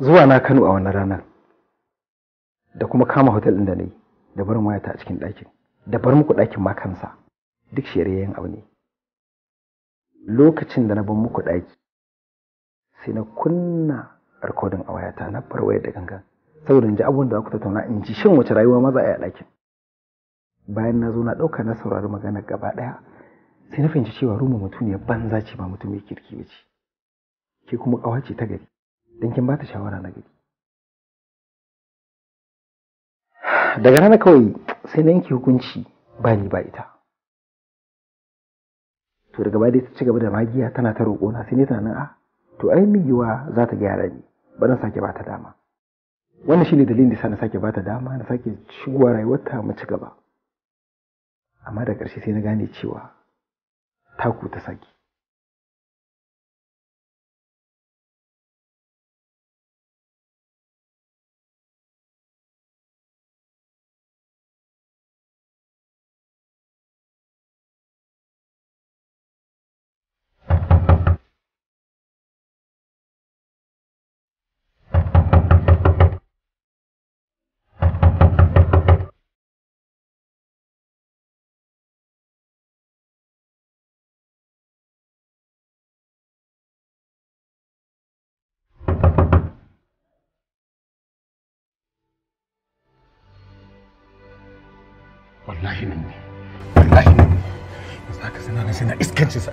zuwa na Kano a wannan ranar da kuma kama hotel ɗin da na yi da bar wayata a cikin ɗakin da bar muku ɗakin ma kansa duk shiryayen abu ne lokacin da na bar muku ɗaki sai na kunna rikodin a wayata na bar wayar da gangan saboda in ji abubuwan da ku tattauna in ji shin wace rayuwa maza a a ɗakin bayan na zo na ɗauka na saurari magana gaba ɗaya sai na fahimci cewa rumu mutum ne banza ce ba mutum mai kirki ba ce ke kuma ƙawa ce ta gari don kin ba ta shawara na gari daga rana kawai sai na yanke hukunci ba ni ba ita to daga baya ta ci gaba da magiya tana ta roƙo na sai ne tunanin a ah, to ai yiwa za ta gyara ni ba na sake ba ta dama wannan shine dalilin da sa na sake ba ta dama na sake shigowa rayuwarta mu ci gaba amma da ƙarshe sai na gane cewa taku ta sake na iskanci sa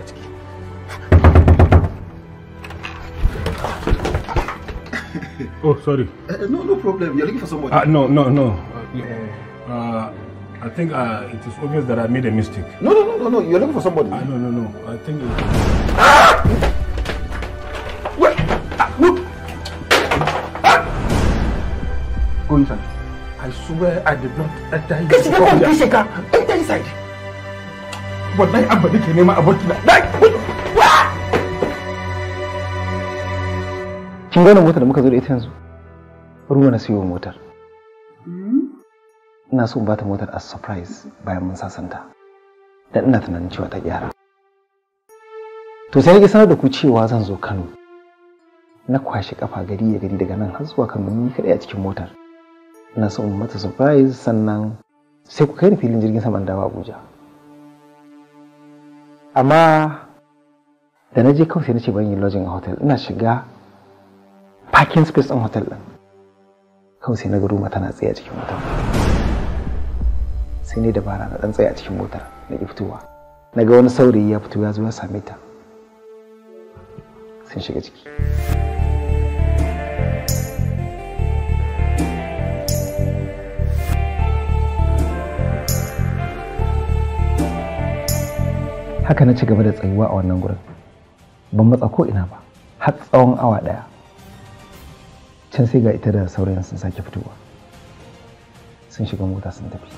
oh sorry uh, no no problem you're looking for somebody uh, no no no uh, uh, I think uh, it is obvious that I made a mistake. No, no, no, no, no. You're looking for somebody. Uh, no, no, no. I think. It... Ah! Wait. Ah, Ah! Go inside. I swear I did not enter Get inside. Enter inside. wallahi abba ke nema aboki na kin gane motar da muka zo da ita yanzu ruwa na siyo motar hmm? ina so in bata motar a surprise bayan mun sasanta dan ina tunanin cewa ta gyara to sai nake sanar da ku cewa zan zo Kano na kwashi kafa gari ya gari daga nan har zuwa Kano ni kadai a cikin motar ina so in mata surprise sannan sai ku kai ni filin jirgin saman dawa Abuja amma da na je kawai sai na ce ban yi lodging a hotel ina shiga parking space ɗin hotel ɗin kawai na ga ruma tana tsaye a cikin motar sai ne dabara na ɗan tsaye a cikin motar na ƙi fitowa na ga wani saurayi ya fito ya zo ya same ta sun shiga ciki haka na ci gaba da tsayuwa a wannan gurin ban matsa ko ina ba har tsawon awa ɗaya can sai ga ita da saurayin sun sake fitowa sun shiga mota sun tafi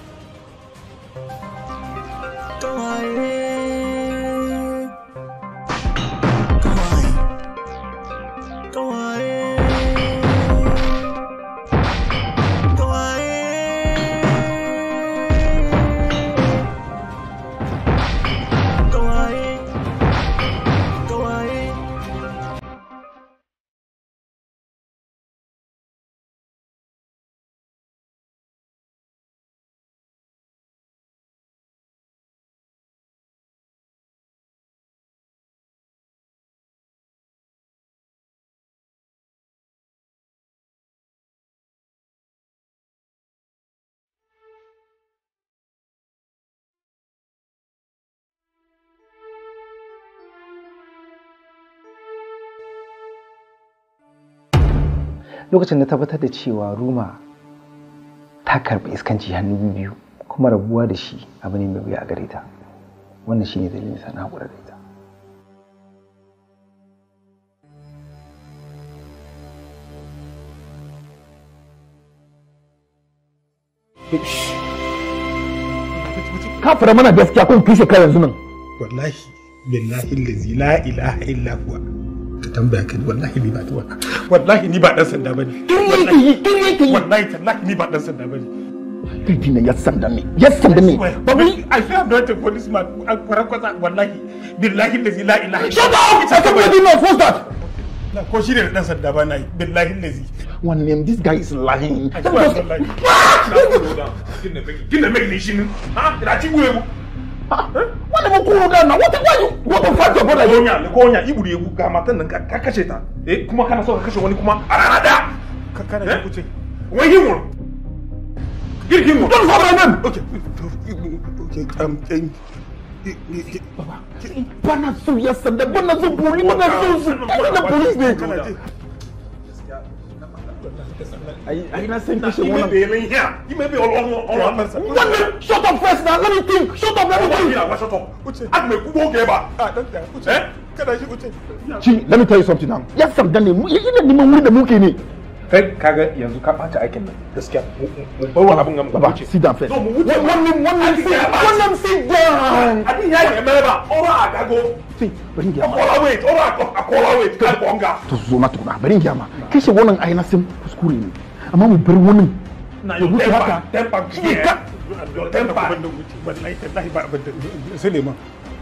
lokacin da tabbatar da cewa ruma ta karbi iskanci hannu biyu kuma rabuwa da shi abu ne mai wuya a gare ta wannan shine dalilin sa na hakura da ita kafira mana gaskiya kun kishe kai yanzu nan wallahi billahi la ilaha illa huwa tambaya ka wallahi ni ba ta wallahi ni ba dan sanda bane wallahi tallahi ni ba dan sanda bane Bibi ne ya sanda me ya sanda me babu I feel I'm not a policeman a kwarakwata wallahi billahi lazi la ilaha illa Allah shut up I can't believe first that ko shi ne dan sanda ba na yi billahi lazi one name this guy is lying I swear to Allah kin da kin ni mai ne shi ha da ci gwe mu wanda mun kuro da na wata kwayo wata fata bada yonya ne ko yonya iburi ga matan nan ka kashe ta eh kuma kana so ka kashe wani kuma a rana da. ka kana ji eh? kuce wai yin wuri mu don sabra nan okay okay um, um bana so ya sanda bana so buri bana so bana police ne Are you not saying that? You may be here. You may be all on all on Shut up first now. Let me think. Shut up. Let me think. Yeah, shut up. I'm a good boy, Ah, don't tell. Uche. Eh? Can I Uche? let me tell you something now. Yes, I'm done. You need to move the book in kai kaga yanzu ka ɓata aikin nan gaskiya mu bar wani abin sit down first no wannan wannan sit wannan sit down abin ya ne mai ba ora a si bari ora wait ora a wait kai to zo tukuna aina sim kuskure ne amma mu bar wani mu wuce haka shi ka tempa wallahi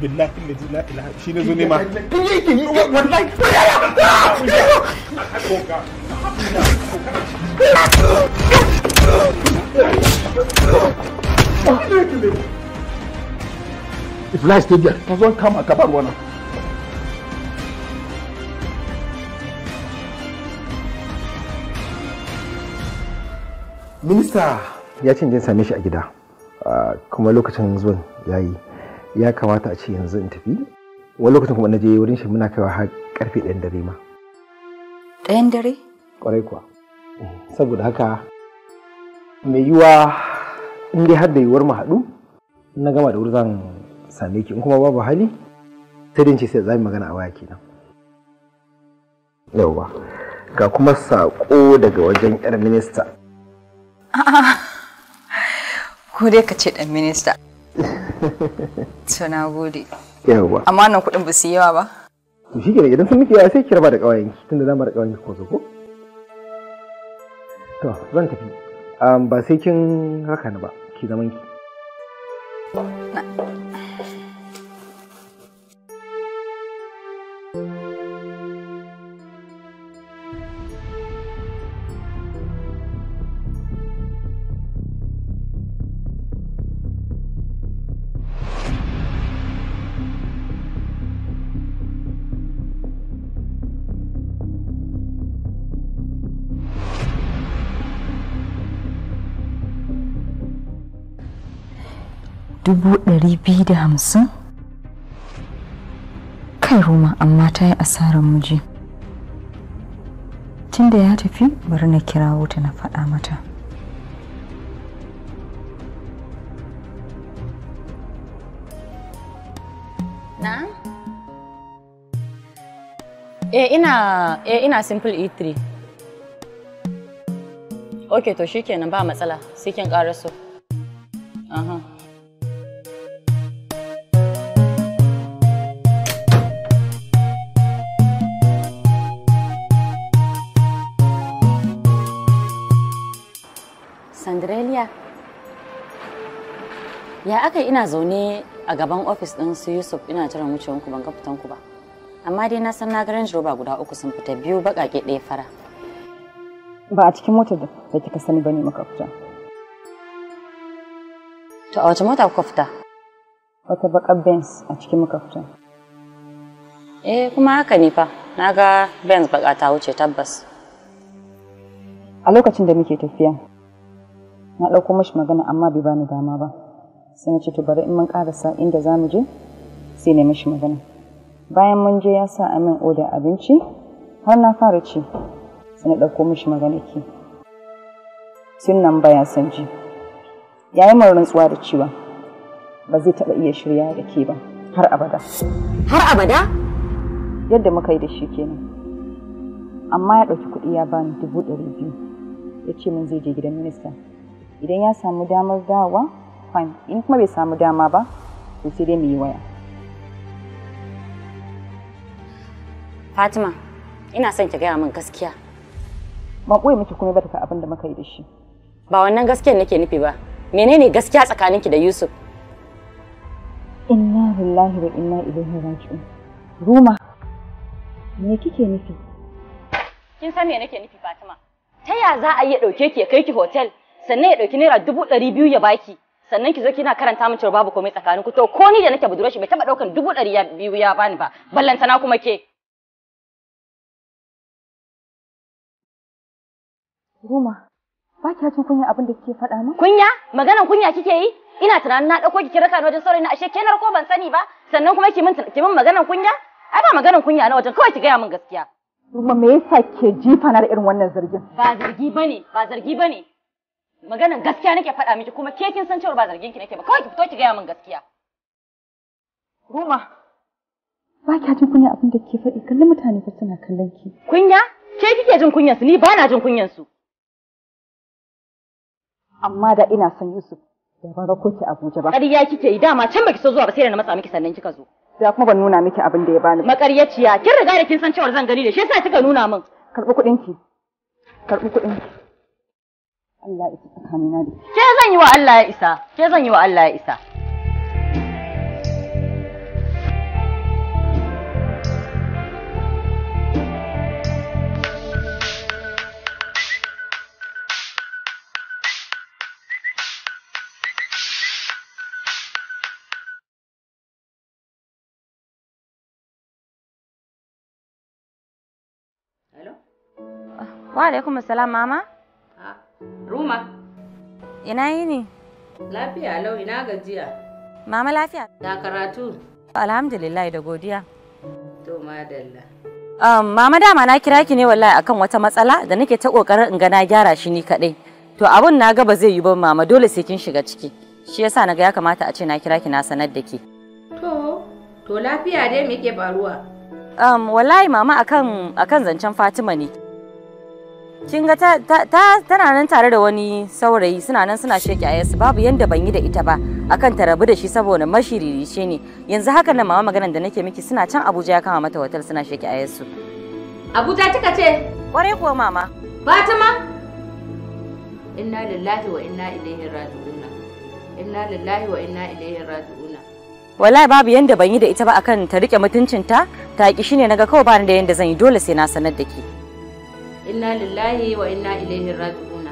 billahi alladhi la ilaha shi ne zo nema tun yake yi wallahi If life stay there, come minista ya ce in same shi a gida ah, kuma lokacin zuwan ya yi ya kamata a ce yanzu in tafi wani lokacin kuma na je wurin shi muna kaiwa har karfe ɗayan dare ma ɗayan dare ƙwarai kuwa eh, saboda haka mai yiwa in dai har da yiwuwar mu haɗu na gama da wuri zan same ki in kuma babu hali sai dai ce sai za mu magana a waya kenan yawwa ga kuma saƙo daga wajen 'yar minista ko dai ka ce dan minista to na gode yawa amma nan kudin ba su yi yawa ba to shi idan sun miki ya sai ki raba da kawayen ki tunda za mu da ƙawayen ki ko zo ko to zan tafi ba sai kin haka ni ba ki zaman ki dubu ɗari biyu da hamsin kai roma amma ta yi asarar miji tunda ya tafi bari na kira ta na faɗa mata na? e ina e ina simple e3 ok to shikenan ba matsala sai kin ƙara so ya aka ina zaune a gaban ofis din su yusuf ina jiran ku ban ga ku ba amma dai na san na ga range rover guda uku sun fita biyu baƙaƙe ɗaya fara ba a cikin motar da kika sani bane muka fita to a wace mota kuka fita wata bakar benz a cikin muka fita eh kuma haka ne fa na ga benz baƙa ta wuce tabbas a lokacin da muke tafiya na ɗauko mashi magana amma bai bani dama ba sai na ce to bari in mun karasa inda za mu je sai na mishi magana bayan mun je ya sa amin oda abinci har na fara ci sai na ɗauko mishi magana ke sun nan baya san ji ya yi rantsuwa da cewa ba zai taɓa iya shirya da ke ba har abada har abada yadda muka yi da shi kenan amma ya ɗauki kuɗi ya bani dubu ɗari biyu ya ce min zai je gidan minista idan ya samu damar dawowa fine in kuma bai samu dama ba to sai dai mu yi waya Fatima ina son ki gaya min gaskiya ban koyi miki kuma ba ta abin da muka yi da shi ba wannan gaskiyar nake nufi ba menene gaskiya tsakaninki da Yusuf inna lillahi wa inna ilaihi raji'un ruma me kike nufi kin san me nake nufi Fatima ta ya za a iya ɗauke ki ya kai ki hotel sannan ya ɗauki naira dubu ɗari biyu ya baki sannan ki zo kina karanta min cewa babu komai tsakanin ku to ko ni da nake budurwa shi bai taba daukan dubu ɗari ya biyu ya bani ba na kuma ke Ruma, ba ki jin kunya abin da kike faɗa min? Kunya? Maganar kunya kike yi? Ina tunanin na dauko ki kira ka wajen saurayi na ashe ke ko ban sani ba, sannan kuma ki min ki min maganan kunya? Ai ba maganan kunya na wajen kawai ki gaya min gaskiya. Ruma me yasa ke jifa na da irin wannan zargin? Ba zargi bane, ba zargi bane. maganan gaskiya nake faɗa miki kuma ke kin san cewa ba zargin ki nake ba kawai ki fito ki gaya min gaskiya Ruma ba kya jin kunya abin da ke faɗi kallon mutane fa suna kallon ki kunya ke kike jin kunyan su ni ba na jin kunyan su amma da ina son Yusuf da ba rako ki Abuja ba ƙarya kike yi dama can baki so zuwa ba sai da na matsa miki sannan kika zo da kuma ban nuna miki abin da ya bani makaryaciya kin riga da kin san cewa zan gani da shi yasa kika nuna min karɓi kuɗin ki karɓi kuɗin ki Allah ya isa tsakanina da ke zan yi wa Allah ya isa ke zan yi wa Allah ya isa Wa alaikum salam mama. Ruma. Ina yini? Lafiya lau ina gajiya. Mama lafiya? Na karatu. Alhamdulillah da godiya. To madalla. Um, mama dama na kira ki ne wallahi akan wata matsala da nake ta kokarin in ga na gyara shi ni kadai. To abun na ga ba zai yi ba mama dole sai kin shiga ciki. Shi yasa naga ya kamata a ce na kira ki na sanar da ke. To, to lafiya dai me ke faruwa? Um, wallahi mama akan akan zancen Fatima ne. kin ga tana nan tare da wani saurayi suna nan suna sheke yasu babu yanda ban yi da ita ba akan ta rabu da shi saboda mashiririce ne yanzu haka nan mama maganar da nake miki suna can Abuja ya kama mata hotel suna sheke yasu Abuja kika ce kwarai kuwa mama Fatima inna lillahi wa inna ilaihi raji'un inna lillahi wa inna ilaihi raji'un wallahi babu yanda ban yi da ita ba akan ta rike mutuncinta ta ki shine naga kawai ba ni da yanda zan yi dole sai na sanar da ke. inna lillahi wa inna ilaihi raji'una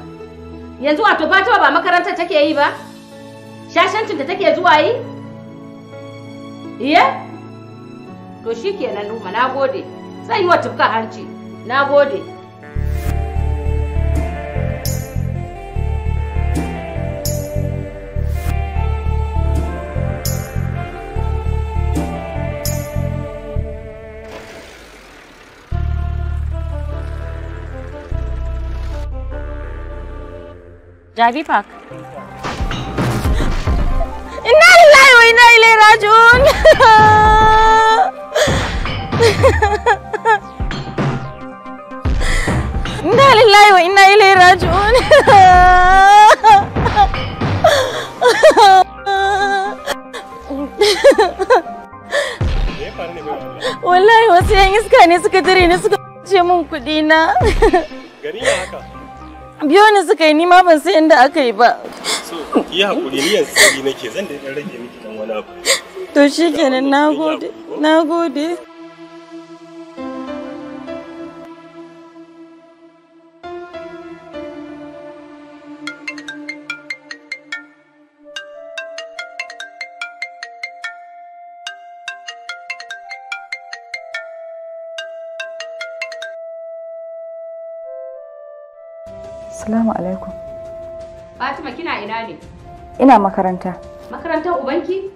yanzu wato fatima ba makarantar take yi ba shashancin da take zuwa yi iye to shikenan na nagode zan yi wa tufka hanci nagode Jabi Park. Inna lillahi wa inna raji'un. Inna lillahi wa inna raji'un. Wallahi wasu yan iska ne suka dire ni suka ce mun kuɗi na. Gari haka. biyo ni suka yi nima ban san inda aka yi ba so ki hakuri ni yanzu sai nake zan da rage miki dan wani abu to shikenan nagode nagode Assalamu alaikum. Fatima kina ina ne? Ina makaranta. Makarantar ubanki?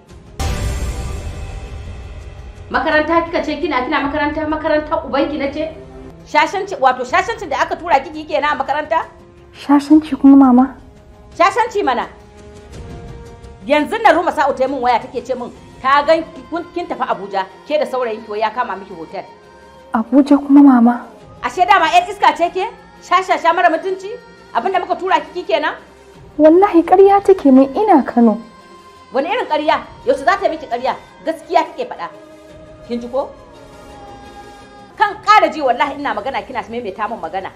Makaranta kika ce kina kina makaranta makarantar ubanki na ce? Shashanci wato shashanci da aka tura kiki kenan a makaranta? Shashanci kuma mama? Shashanci mana. Yanzu na Ruma Sa'u ta min waya take ce min ta gan kin tafi Abuja ke da saurayin ki ya kama miki hotel. Abuja kuma mama. Ashe dama ƴar iska ce ke? Shashasha mara mutunci? Abin da muka tura ki kenan wallahi ƙarya take mai ina Kano wani irin ƙarya yaushe za ta yi miki ƙarya gaskiya kike faɗa kin ji ko kan ƙara ji wallahi ina magana kina maimaita min magana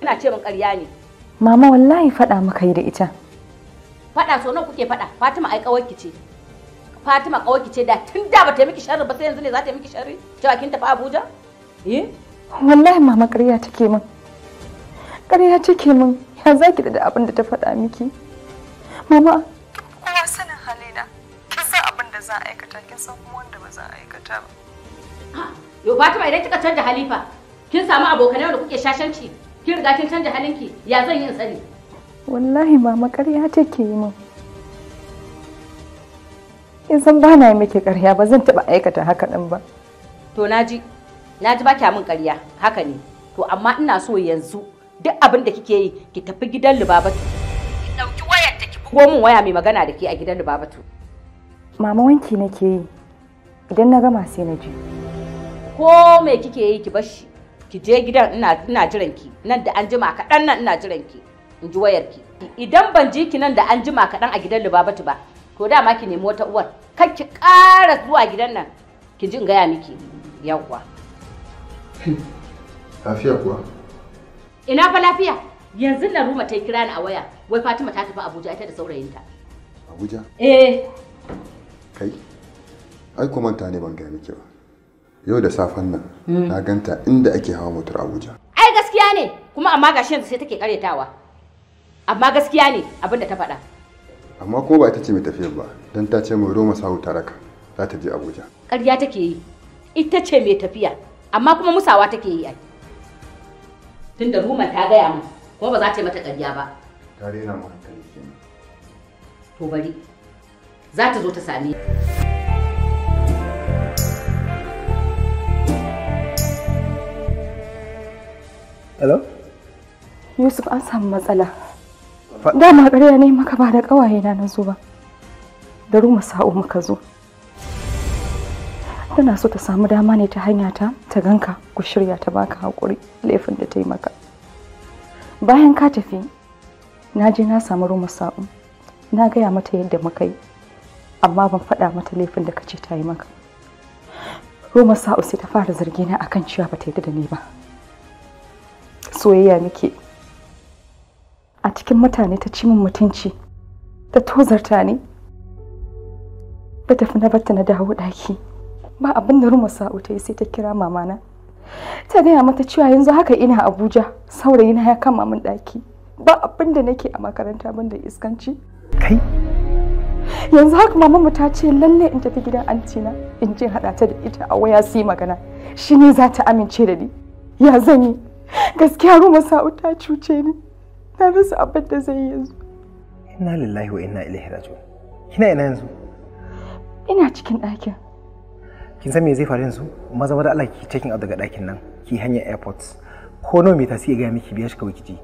kina ce min ƙarya ne mama wallahi faɗa muka yi da ita faɗa so nawa kuke faɗa Fatima ai ƙawarki ce Fatima ƙawarki ce da tun da yi miki sharri ba sai yanzu ne za ta miki sharri cewa kin tafi Abuja eh wallahi mama ƙarya take min ƙarya take min ya za ki da abin da ta faɗa miki mama kowa sanin halina kin san abin da za a aikata kin san kuma wanda ba za a aikata ba yo fatima idan kika canza halifa kin samu abokanai da kuke shashanci kin riga kin canza halinki ya zan yi tsari wallahi mama ƙarya take yi min in san ba na miki ƙarya ba zan taɓa aikata haka ɗin ba to naji naji ba kya min ƙarya haka ne to amma ina so yanzu duk abin da kike yi ki tafi gidan Lubabatu ki dauki wayar ta ki bugo min waya mai magana da ke a gidan Lubabatu mama wanki nake yi idan na gama sai na je ko me kike yi ki bashi ki je gidan ina ina jiran ki nan da an jima kaɗan nan ina jiran ki in ji wayar ki idan ban ji ki nan da an jima kaɗan a gidan Lubabatu ba to dama ki nemi wata uwar kar ki ƙara zuwa gidan nan ki ji in gaya miki yawwa lafiya kuwa Ina fa lafiya? Yanzu na Ruma ta kira ni a waya. Wai Fatima ta tafi Abuja ita da saurayinta. Abuja? Eh. Kai. Ai kuma ta ne ban gani miki ba. Yau da safen nan hmm. na ganta inda ake hawa motar Abuja. Ai gaskiya ne kuma amma gashi yanzu sai take karetawa. Amma gaskiya ne abinda ta faɗa. Amma ko ba ita ce mai tafiyar ba dan ta ce mai Roma sahu ta za ta je Abuja. Ƙarya take yi. Ita ce mai tafiya amma kuma musawa take yi ai. tunda ruma ta gaya min ko ba za ta yi mata ƙarya ba. Ta rena mu hankali kenan. To bari. Za ta zo ta same Hello? Yusuf an samu matsala. Dama ƙarya ne maka ba da ƙawaye na na zo ba. Da ruma sa'o muka zo. tana so ta samu dama ne ta hanya ta ta ganka ku shirya ta baka haƙuri laifin da ta yi maka bayan ka tafi na je na samu ruma sa'u na gaya mata yadda muka yi amma ban faɗa mata laifin da kace ta yi maka ruma sa'u sai ta fara zargi na akan cewa ba ta yi da ni ba soyayya muke a cikin mutane ta ci min mutunci ta tozarta ne ba tafi na batta na dawo ɗaki ba abin da ruma sa'u ta yi sai ta kira mamana ta gaya mata cewa yanzu haka ina abuja saurayina ya kama min ɗaki ba abin da nake a makaranta ban da iskanci kai yanzu haka mamanmu ta ce lalle in tafi gidan antina in je haɗa ta da ita a waya su yi magana shi ne za ta amince da ni ya zan yi gaskiya ruma sa'u ta cuce ni na rasa abin da zai yanzu inna lillahi wa inna ilaihi raji'un kina ina yanzu ina cikin ɗakin kin san me zai faru yanzu maza maza Allah ki checking out daga ɗakin nan ki hanyar airport ko nawa me tasi ya gaya miki biya shi kawai kiji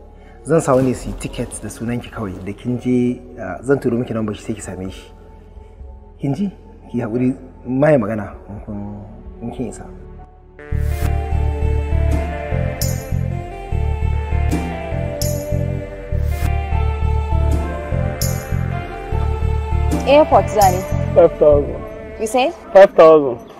zan sa wani su yi da sunan ki kawai da kin je zan turo miki number shi sai ki same shi kin ji ki haƙuri maye magana in kin isa airport zani 5000 you say 5000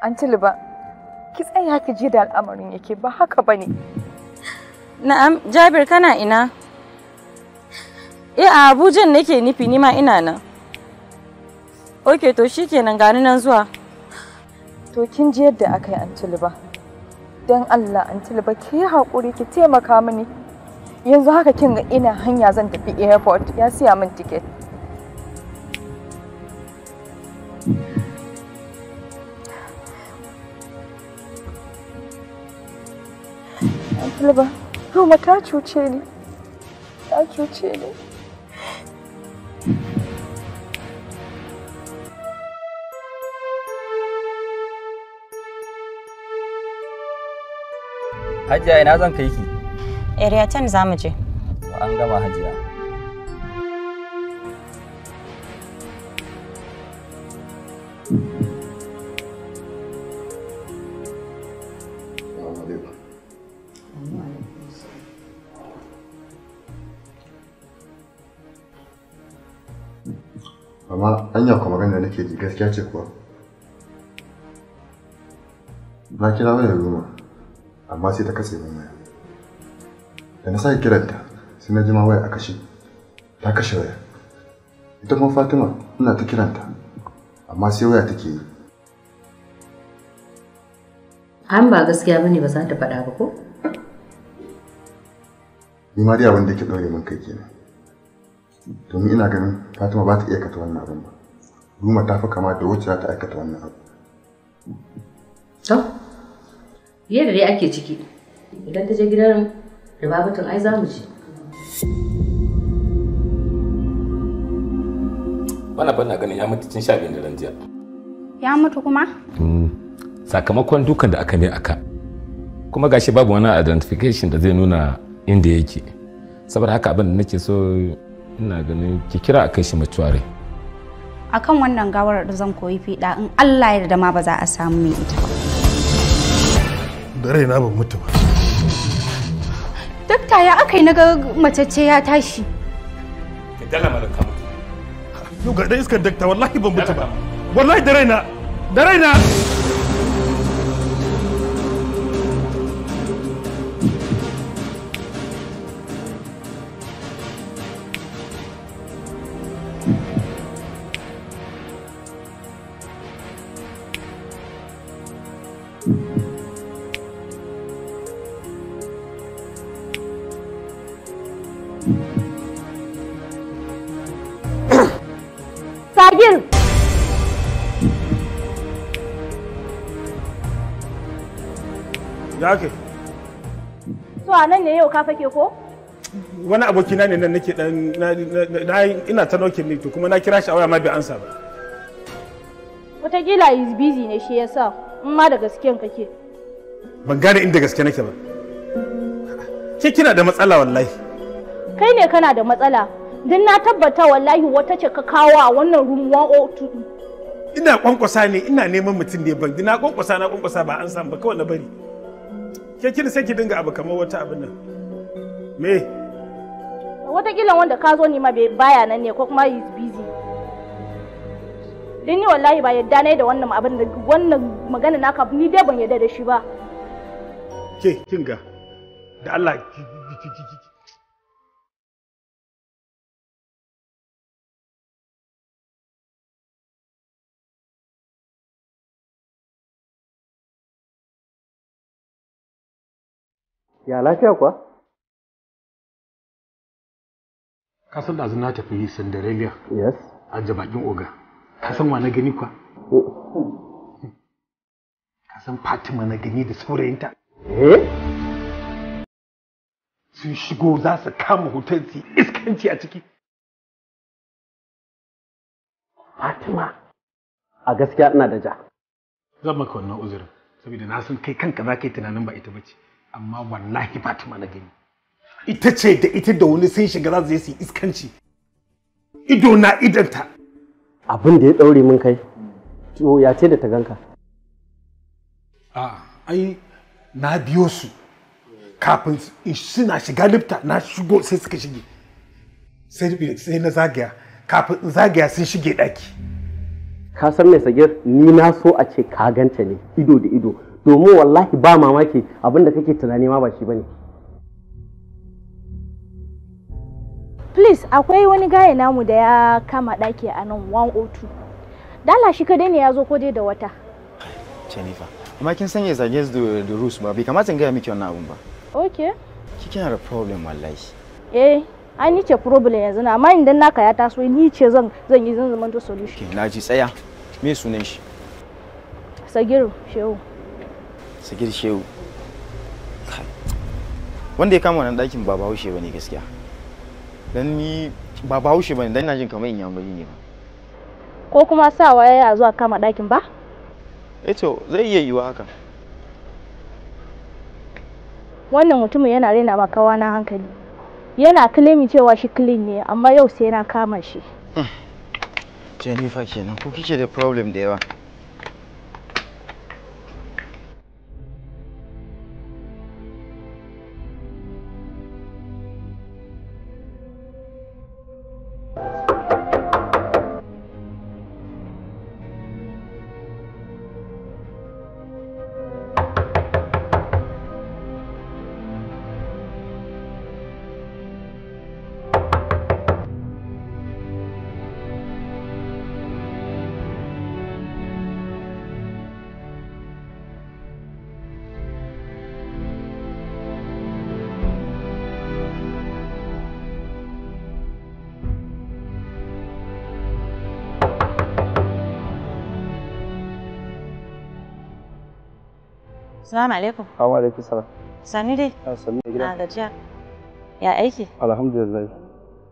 An ba, ki tsaya ki ji da al'amarin yake ba haka ba ne. Na'am, Jabir kana ina? Eh a Abuja nake nufi ni ma ina nan. Ok, to shikenan gani nan zuwa. To kin ji yadda aka yi an ba. Don Allah an ba ki yi haƙuri ki taimaka mini. Yanzu haka kin ga ina hanya zan tafi airport ya siya min tiket. Halba, Roma ta cuce ni. Ta cuce ni. Hajiya ina zan kai ki? Area can za mu je. An gama hajiya. da nake ji gaskiya ce kuwa na kira wayar goma amma sai ta kasa yi waya da na sake kiranta sai na jima waya a kashe ta kashe waya ita kuma fatima ina ta kiranta amma sai waya take yi an ba gaskiya ba ne ba za ta faɗa ba ko ni ma dai abin da ke ɗaure min kai kenan domin ina ganin fatima ba ta iya kata wannan abin ba Ruma ta fi kama da wacce za ta aikata wannan abu. To, yadda dai ake ciki, idan ta je gidan ribabatun ai za mu je. bana ban na ganin ya mutu cin sha da daren jiya. Ya mutu kuma? Hmm. Sakamakon dukan da aka ne aka. Kuma gashi babu wani identification da zai nuna inda yake. Saboda haka abin da nake so ina ganin ki kira a kai shi mutuware. akan wannan gawar da zan koyi fiɗa in Allah ya ma ba za a samu mai ita ba. Da raina ban mutu ba. Dakta ya aka yi na ga macece ya tashi. Ka dala mara ka mutu. Yau ga iskar dakta wallahi ban mutu ba. Wallahi da raina. Da raina. Ya kai. To a nan ne yau ka fake ko? Wani abokina ne nan nake dan ina ta nauke ne to kuma na kira shi a waya ma bai ansa ba. Wataƙila is busy ne shi yasa in ma da gasken kake. Ban gane inda gaske nake ba. Ke kina da matsala wallahi. Kai ne kana da matsala. Don na tabbata wallahi wata ce ka kawo a wannan room 102. Ina kwankwasa ne ina neman mutum ne ban na kwankwasa na kwankwasa ba an san ba kawai na bari. ke kin sai ki dinga abu kamar wata abin nan me watakila wanda ka zo ni ma baya nan ne ko kuma is busy din ni wallahi ba yadda na da wannan abin da wannan magana naka ni dai ban yadda da shi ba ke ga da Allah ki Ya lafiya kuwa? Ka san ɗazu na tafi Cinderella. Yes. A jabaƙin oga. Ka san wa na gani kuwa? Oh. Ka san Fatima na gani da saurayinta? Eh? Sun shigo za su kama hotel su iskanci a ciki. Fatima. A gaskiya ina da ja. Zan maka wannan uzurin, saboda na san kai kanka za ka yi tunanin ba ita ba ce. amma wallahi fatima na gani ita ce da ita da wani sun shiga za su je iskanci ido na idanta abin da ya daure min kai to ya ce da ta ganka a ai na biyo su kafin suna shiga lifta na shigo sai suka shige sai na zagaya kafin zagaya sun shige daki ka san mai sagir ni na so a ce ka ganta ne ido da ido domin wallahi ba mamaki abin da kake tunani ma ba shi bane please akwai wani gaya namu da ya kama ɗaki a nan 102 dala shi kadai ne ya zo kodai da wata jennifer amma kin sanya zage su da rus ba bai kamata in gaya miki wannan abun ba okay kina da problem wallahi eh an yi ce problem yanzu na amma idan naka ya taso ni ce zan zan yi zan zama to solution na ji tsaya me sunan shi sagiru shehu Sakir shehu wanda ya kama wannan ɗakin ba Haushe ba ne gaskiya don ni ba Haushe ba ne don ina jin kamar in yamuri ne ba ko kuma sa ya zuwa kama ɗakin ba eh to zai iya yiwa haka wannan mutumin yana raina ma kawa na hankali yana kilimi cewa shi clean ne amma yau sai na kama shi hmm. jennifer kenan ko kike da problem da yawa Assalamu alaikum. Assalamu alaikum salam. Sani dai. Ah sani da gida. gajiya. Ya aiki? Alhamdulillah.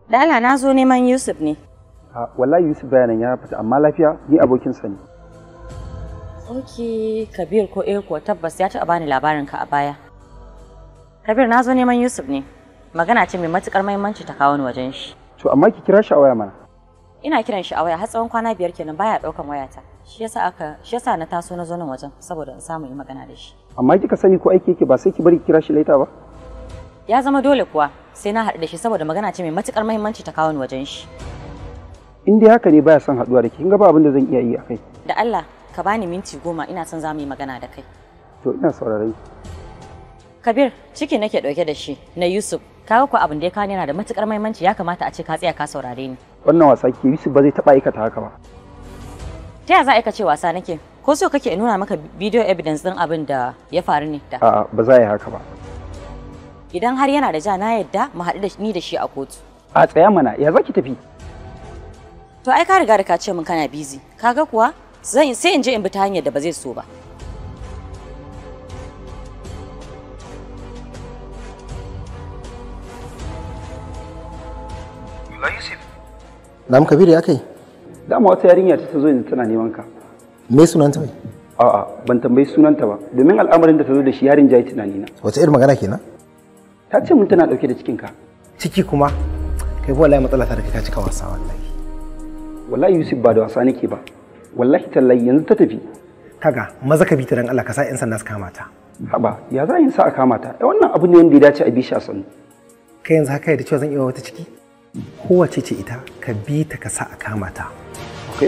Da Allah na zo neman Yusuf ne. Ah wallahi Yusuf bayanan ya fita amma lafiya ni abokin sa ne. Ok, Kabir ko Eko eh tabbas ya taɓa bani labarin ka a baya. Kabir na zo neman Yusuf ne. Magana ce mai matukar muhimmanci ta kawo ni wajen shi. To amma ki kira shi a waya mana. ina kiran shi a waya har tsawon kwana biyar kenan baya daukan wayata shi yasa aka shi yasa na taso na zo nan wajen saboda in samu yi magana da shi amma kika sani ko aiki yake ba sai ki bari kira shi laita ba ya zama dole kuwa sai na haɗu da shi saboda magana ce mai matukar muhimmanci ta kawo ni wajen shi in dai haka ne baya son haɗuwa da ke kin ba abin da zan iya yi akai da Allah ka bani minti goma ina son za mu yi magana da kai to ina sauraron Kabir ciki nake ɗauke da shi na Yusuf kaga ko abin da ya kawo yana da matukar muhimmanci ya kamata a ce ka tsaya ka saurare ni wannan wasa ke Yusuf ba zai taɓa aikata haka ba ta ya za a ce wasa nake ko so kake nuna maka video evidence din abin da ya faru ne da a'a ba za yi haka ba idan har yana da ja na yadda mu haɗu da ni da shi a kotu a tsaya mana ya zaki tafi to ai ka riga da ka ce min kana busy kaga kuwa zan sai in je in bi ta hanyar da ba zai so ba Yusuf. muka Kabiru ya kai. Dama wata yarinya ta zo yanzu tana neman ka. me sunanta mai a'a ban tambayi sunanta ba domin al'amarin da ta zo da shi yarin jayi tunani na wace irin magana kenan ta ce mun tana dauke da cikin ka ciki kuma kai ko wallahi matsala ta da ka cika wasa wallahi wallahi Yusuf ba da wasa nake ba wallahi tallahi yanzu ta tafi kaga maza ka bi ta dan Allah ka sa yan sanda su kama ta haba ya za yin sa a kama ta eh wannan abu ne wanda ya dace a bisha a sanu kai yanzu haka yadda cewa zan iya wata ciki kowace ce ita ka bi ta ka sa a kama ta okay